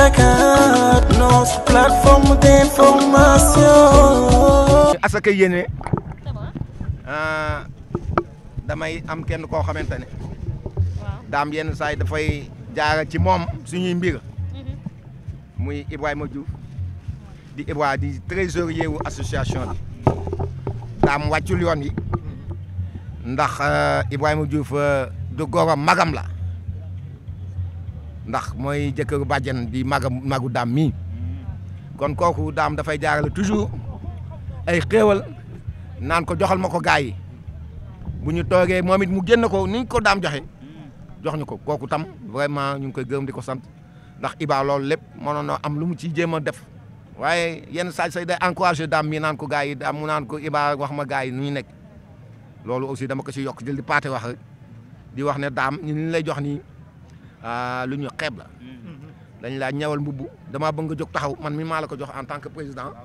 Dakar, notre plateforme asaka yéene euh, damay am kenn koo xamante ne daam yenn saay dafay jaara ci moom suñuy mbir mhm. muy Ibrahima Diouf di Ibrahima di trésorier wu association bi daam wàccul yoon yi mhm. ndax euh, Ibrahima juf euh, du góor magam la ndax mooy jëkkëru bàjjen di magam magu daam mii kon kooku daam dafay jaarale toujours ay xéewal naan ko joxal ma ko gaa yi bu ñu toogee moom it mu génn ko niñ ko daam joxe jox ñu ko kooku tam vraiment ñu ngi koy gërëm di ko sant ndax Iba loolu lépp mënoon na am lu mu ciy jéem a def waaye yenn saa say day encouragé daam mii naan ko gaa yi daam mu naan ko Iba wax ma gaa yi nu ñu nekk loolu aussi dama ko si yokk jël di paate wax di wax ne daam ñu lay jox nii. Ah, lu ñu xeeb la mm-hmm. dañ laa ñawal mbubb damaa bëgg nga jóg taxaw man mi maa la ko jox en tant que président ah, euh,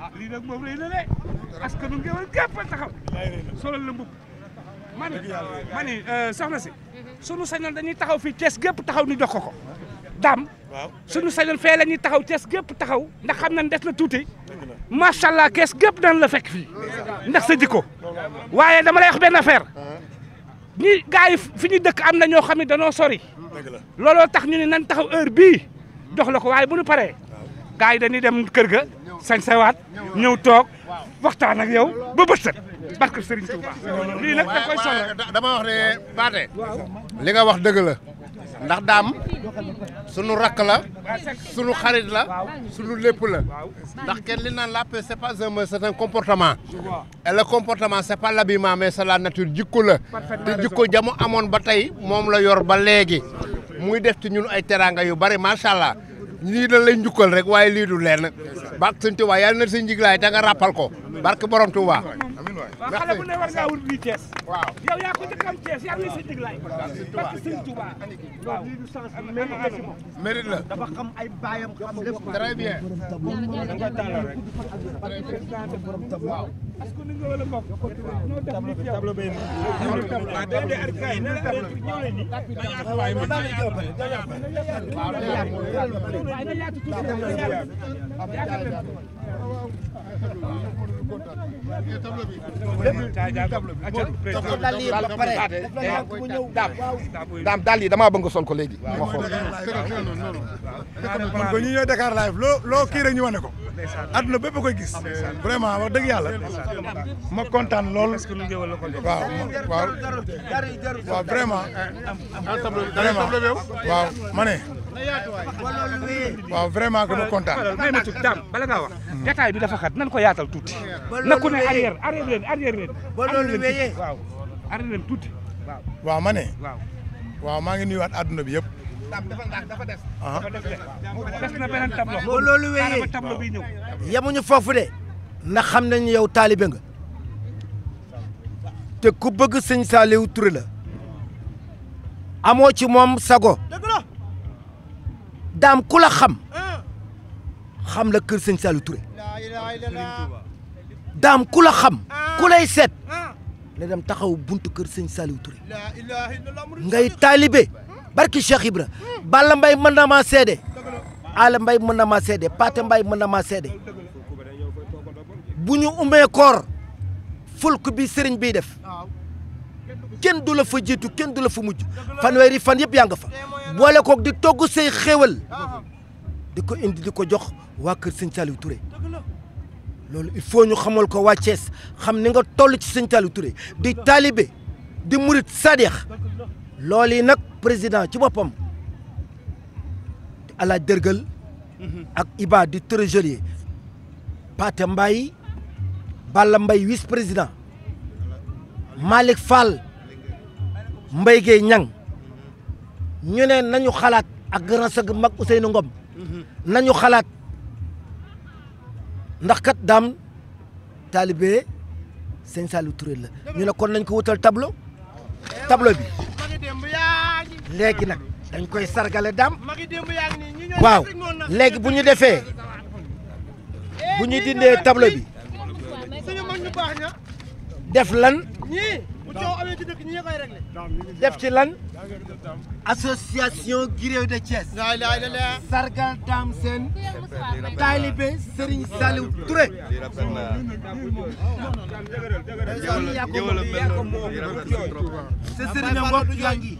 ah lii nag moom a taxaw solal la mbubb mani mani euh, si suñu sañoon dañuy taxaw fii Thiès gépp taxaw ni jox ko ko daam suñu sañoon fee la ñuy taxaw cees gépp taxaw ndax xam nañ des na tuuti macha allah Thiès gépp dañ la fekk fii ndax sa jikko waaye dama lay wax benn affaire ah. ñi gars yi fi ñu dëkk am na ñoo xam ne danoo sori looloo tax ñu ne nan taxaw heure bii dox la ko waaye bu ñu paree gars yi dañuy dem kër ga sañ sawaat ñëw toog waxtaan ak yow ba bët set barke Serigne Touba lii nag da koy solo wax ne baate li nga wax dëgg la ndax daam sunu rakk la sunu xarit la sunu lépp la ndax kenn li naan la paix c'est pas un mot c'est un comportement et comportement c'est pas l'habillement mais c'est la nature jikko la te jikko jamu amoon ba tey moom la yor ba léegi muy def ci ñun ay teraanga yu bari macha allah lii la lay njukkal rek waaye lii du lenn barke sëñ Tuubaa yàlla na sëñ njiglaay te nga rappal ko barke borom Tuubaa waaw xale bu ne war ngaa wut lii Thiès. waaw yow yaa ko njëkk a am Thiès yaa ngi sa diglaay. parce que sëñ Touba. waaw lii du sens bi mérite la si moom. mérite la dafa xam ay baayam xam lépp. très bien. da nga tàllal rek. waaw. parce que ni nga wala mbokk. noo def lii Thiès. tableau bay waaw déedéet ak kay na la ñëw leen nii. waaye man daa yàgg waaw daa yàgg waaw daa yàgg waaw daa yàgg daam daal yi damaa bëgg nga sol ko léegi. ma xool man ba ñu ñëw Dakar live loo loo kii rek ñu wane ko. àdduna bépp koy gis. vraiment wax dëgg yàlla. ma kontaan lool. waaw waaw. waaw vraiment. vraiment waaw ma waaw vraiment que nu kontaan. may ma tuuti daam bala ngaa wax. Hmm. détail bi dafa xat nan ko yaatal tuuti. na ku ne arrière arrière leen arrière leen. waaw arrière leen tuuti waaw. waaw ma waaw maa ngi nuyuwaat àdduna bi yëpp. dafa des. des na beneen tableau. ba loolu wéyee foofu de. ndax xam nañu yow taalibe nga. te ku bëgg sëñ Saliou Touré la. amoo ci moom sago. daam ku xam xam la kër sëñ Saliou Touré daam ku xam ah. ku lay seet la ah. dem taxaw buntu kër sëñ Saliou Touré ngay taalibe barki Cheikh Ibra Balla Mbaye mën na maa seede Ala Mbaye mën na maa seede Paate Mbaye mën na maa seede bu ñu umee koor fulk bi sëriñ biy def kenn du la fa jiitu kenn du la fa mujj fanweeri fan yëpp yaa fa boole koog di togg say xéwal di ko indi di ko jox waa kër sëñ Saliou Touré loolu il faut ñu xamal ko waa Thiès xam ni nga toll ci sëñ Saliou Touré di taalibe di murit sadix loolu yi nag président ci boppam ala dërgal ak di di trésorier Pate Mbaye Balla Mbaye vice président Malick Fall Mbaye Gueye ñaŋ ñu ne nañu xalaat ak grand sëgg mag Ousseynou Ngom mm-hmm. nañu xalaat ndax kat daam taalibe sëñ Saliou Touré la ñu ne kon nañ ko wutal tablo tablo bi léegi nag dañ koy sargale daam waaw léegi bu ñu defee bu ñu dindee tablo bi def lan def ci lan association Guirée de Thiès sargal Dame Sène taalibe Serigne Saliou Touré c'est Serigne Ngok Yangi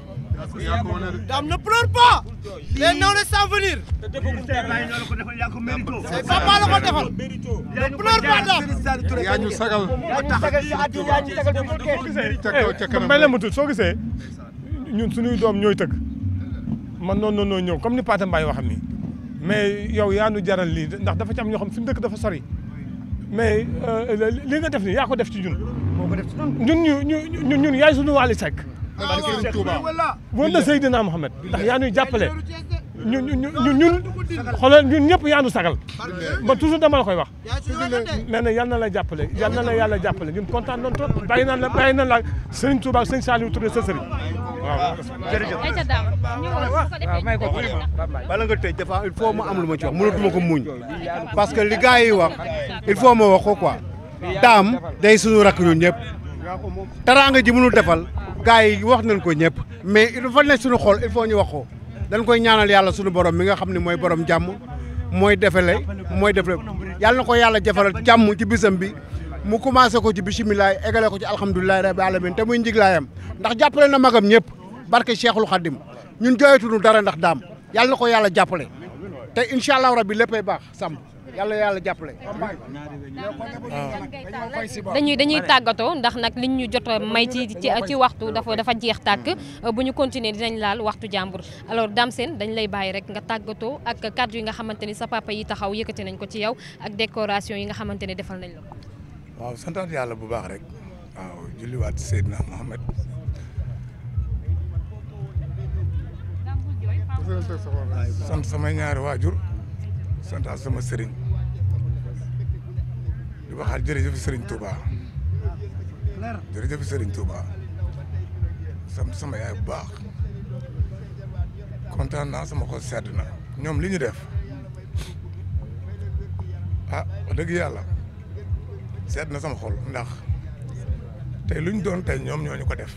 Dame ne pleure pas les nobles savent venir c'est papa la ko defal ne pleure pas Dame yaa ñu sagal yaa ñu sagal yaa ñu sagal soo gisee ñun suñuy doom ñooy tëgg man noonu noonu ñëw comme ni Pate Mbaye waxam ni mais yow yaa nu jaral lii ndax dafa ci am ñoo xam suñu dëkk dafa sori mais euh, li nga def ni yaa ko def ci ñun. moo ko def ci ñun ñu ñun ñun yaay suñu Wally Seck. Ah, waaw waaw waaw wala Seydina Mouhamed ndax yaa nuy jàppale ñun ñun ñun. xoolal ñun ñëpp yaandu sagal man toujours dama la koy wax nee na yal na la jàppale yal na la yàlla jàppale ñun kontaan noonu trop bàyyi na la bàyyi naan la sëriñ Touba sëriñ Saliou Touré sa sëriñ waaw jërëjëf bala nga tëj dafa il faut ma am lu ma ci wax ma ko muñ parce que li gars yi wax il faut ma wax ko quoi daam day suñu rakk ñun ñëpp teraanga ji mënul defal gars yi wax nañ ko ñëpp mais il faut ne suñu xool il faut ñu wax ko danu koy ñaanal yàlla sunu borom mi nga xam ne mooy borom jàmm mooy defale mooy defale yàlla na ko yàlla jafaral jàmm ci bisam bi mu commencé ko ci bisimilah eggale ko ci alhamdulilahi rabbi alamin te muy njiglaayam ndax jàppale na magam ñëpp barke cheikhul xadim ñun jooyatuñu dara ndax daam yàlla na ko yàlla jàppale te incha allahu rabbi léppay baax sàmm yàlla yàlla jàppale. waaw dañuy tàggatoo ndax nag liñ ñu jot may ci ci waxtu dafa dafa jeex tàkk bu ñu continuer dinañ laal waxtu jàmbur alors Dame Sène dañ lay bàyyi rek nga tàggatoo ak kàddu yi nga xamante ni sa papa yi taxaw yëkkati nañ ko ci yow ak décoration yi nga xamante ne defal nañ la ko. waaw santaat yàlla bu baax rek waaw julliwaat Seydina Mohamed. sant sama ñaari waajur santaat sama sëriñ. waxal jërëjëf sëriñ Touba jërëjëf Serigne Touba sant sama yaay bu baax kontaan naa sama xol sedd na ñoom li ñu def ah dëgg yàlla sedd na sama xol ndax tey lu ñu doon tey ñoom ñooñu ko def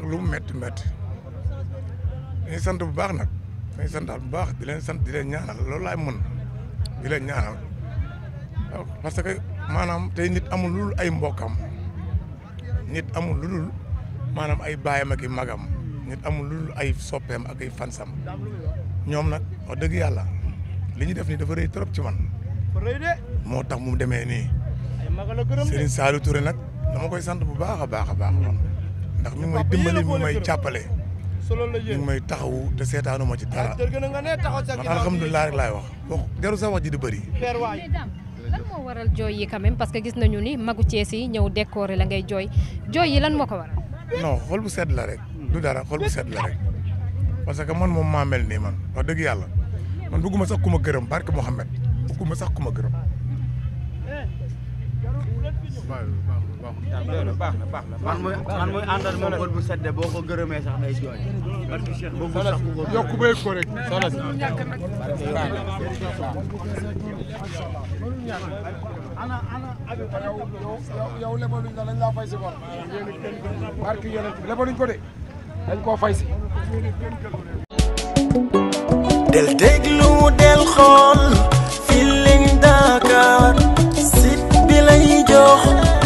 lu mu métti métti dañuy sant bu baax nag dañuy santaat bu baax di leen sant di leen ñaanal loolu laay mën di leen ñaanal. parce que maanaam tey nit amul lu dul ay mbokkam nit amul lu dul maanaam ay baayam ak i magam nit amul lu dul ay soppeem ak ay fansam ñoom nag wax dëgg yàlla li ñu def nii dafa rëy trop ci man moo tax mu demee nii Serigne Saliou Touré na dama koy sant bu baax a baax a baax ndax mi ngi may dimbali mi ngi may jàppale mi ngi may taxawu te seetaanu ma ci dara man alhamdulilah rek laay wax wax jaru sax wax ji di bëri moo waral jooy yi quand même parce que gis nañu ni magu Cees yi ñëw décorer la ngay jooy jooy yi lan moo ko waral. non xol bu sedd la rek. du dara xool bu sedd la rek parce que man moom maa mel nii man wax dëgg yàlla man bëgguma sax ku ma gërëm barke Mouhamed bëgguma sax ku ma gërëm. baax na baax na man mooy man mooy àndal moom bët bu sedd boo ko gërëmee sax day jooy. yokk bay ko rek. ana ana yow lebaluñ la dañ laa fay si bor. barki yonent bi lebaluñ ko de dañ koo fay si. del déglu del xool Feeling Dakar